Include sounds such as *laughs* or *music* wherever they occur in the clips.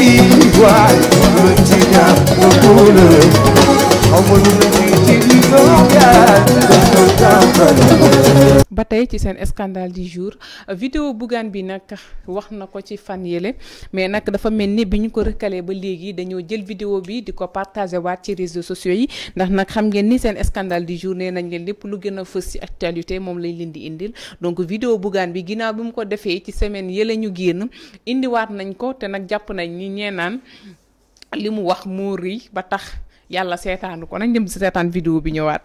i ló ti dá gbogbo lè. ọmọ ìlú ba tey ci seen scandale di jour vidéo Bougane bi nag wax na ko ci fan yéle mais nag dafa mel ni bi ñu ko rëkkalee ba léegi dañoo jël vidéo bi di ko partagé waat ci réseaux sociaux yi ndax nag xam ngeen ni seen scandale di jour nee nañ leen lépp lu gën a fës ci actualité moom lañ leen di indil donc vidéo Bougane bi ginaaw bi mu ko defee ci semaine yële ñu génn indiwaat nañ ko te nag jàpp nañ ni ñee naan li mu wax moo rëy ba tax yàlla seetaanu ko nañ dem si seetaan vidéo bi ñëwaat.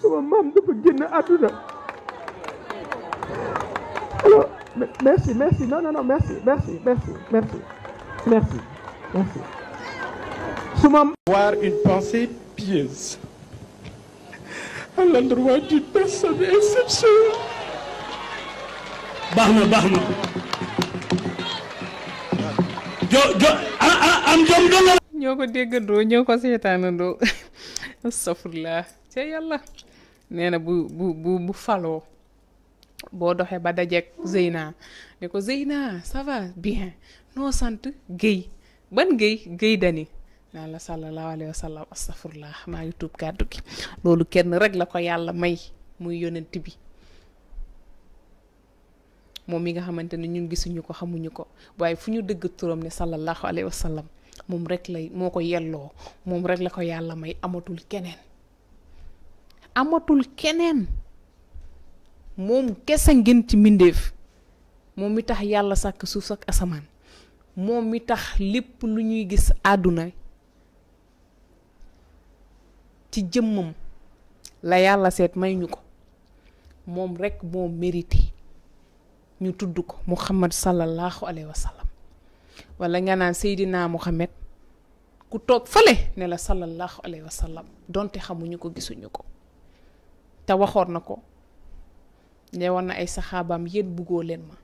suma maam dafa génn àdduna alors merci merci non non non merci merci merci merci merci merci suma avoir une pensée pieuse à je, d'une personne exceptionnelle baax na baax na jo jo am jom je, ñoo ko déggandoo ñoo ko je, astafurlah ca yàlla nee na bu bu bu faloo boo doxee ba dajeeg Zeyna ne ko Zeyna ça va bien noo sant Guèye ban Guèye Guèye Dany naan la sallallahu alayhi wa sallam astafurlah maa gi loolu kenn rek la ko yàlla may muy yonent bi moom mi nga xamante ne ñun gisuñu ko xamuñu ko waaye fu ñu dëgg turam ne sallallahu alayhi wa moom rek lay moo ko yelloo moom rek la ko yàlla may amatul keneen. amatul keneen moom kese ngeen ci mbindéef moom mi tax yàlla sàkk suuf sàkk asamaan moom mi tax lépp lu ñuy gis àdduna ci jëmmam la yàlla seet may ñu ko moom rekk moo mérité ñu tudd ko muhammad sallallahu alayhi wa sallam wala nga naan seydinaa muhammad ku toog fale ne la sallallahu alayhi wa sallam donte xamuñu ko gisuñu ko te waxoon na ko newoon na ay saxaabam yéen buggoo leen ma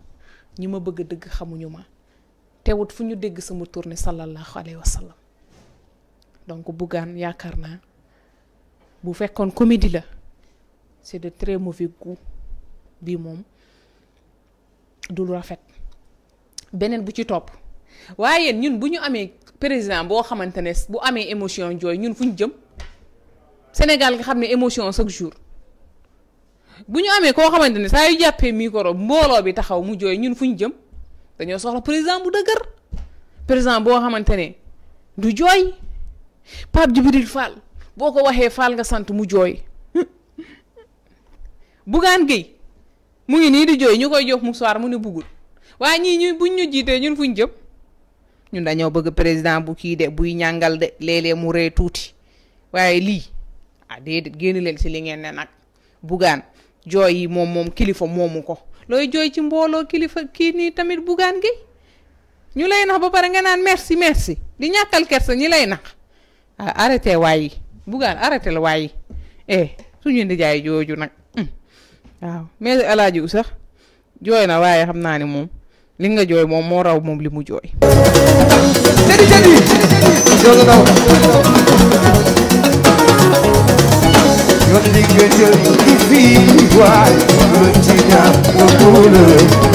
ñi ma bëgg a dëgg xamuñu ma te wut fu ñu dégg sama tourne sallallahu alayhi wa sallam donc buggaan yaakaar naa bu fekkoon comédie la c'est de très mauvais goût bii moom du lu rafet beneen bu ci topp waaye ñun bu ñu amee président boo xamante ne bu amee émotion jooy ñun fu ñu jëm Sénégal nga xam ne émotion chaque jour bu ñu amee koo xamante ne saa yu jàppee micro mbooloo bi taxaw mu jooy ñun fu ñu jëm dañoo soxla président bu dëgër président boo xamante ne du jooy Pape Djibril Fall boo ko waxee Fall nga sant mu jooy *laughs* Bougane géey mu ngi nii di jooy ñu koy jox mu soir mu ne buggul waaye ñii ñu bu ñu jiitee ñun fuñ jëm ñun dañoo bëgg président bu kii de buy ñàngal de léeg mu ree tuuti waaye lii ah déedéet génn leen ci li ngeen ne nag. bugaan jooy yi moom moom kilifa moomu ko looy jooy ci mbooloo kilifa kii nii tamit bugaan gi ñu lay nax ba pare nga naan merci merci di ñàkkal kersa ñi lay nax ah, arrêté waayi bugaan arrêté la waayi eh suñu ndijaay jooju nag hmm. waaw mais alaajiw sax jooy na waaye xam naa ni moom li nga jooy moom moo raw moom li mu jooy tëddi tëddi jooy nga daw love